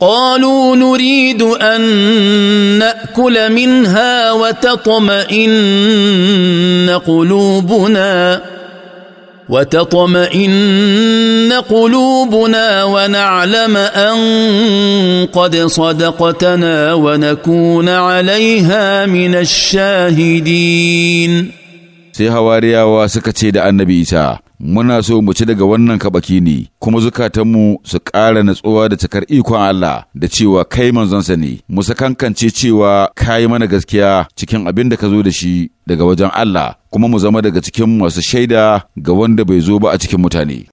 قالوا نريد ان ناكل منها وتطمئن قلوبنا وتطمئن قلوبنا ونعلم ان قد صدقتنا ونكون عليها من الشاهدين sai hawariyawa suka ce da muna so mu ci daga wannan kabaki ne kuma zukatanmu su ƙara natsuwa da cikar ikon Allah da cewa kai manzonsa ne mu sakankance cewa kai mana gaskiya cikin abin da ka zo da shi daga wajen Allah kuma mu zama daga cikin masu shaida ga wanda bai zo ba a cikin mutane